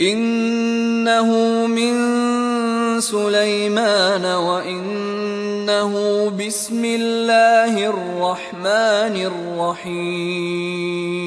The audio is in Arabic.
إنه من سليمان وإنه بسم الله الرحمن الرحيم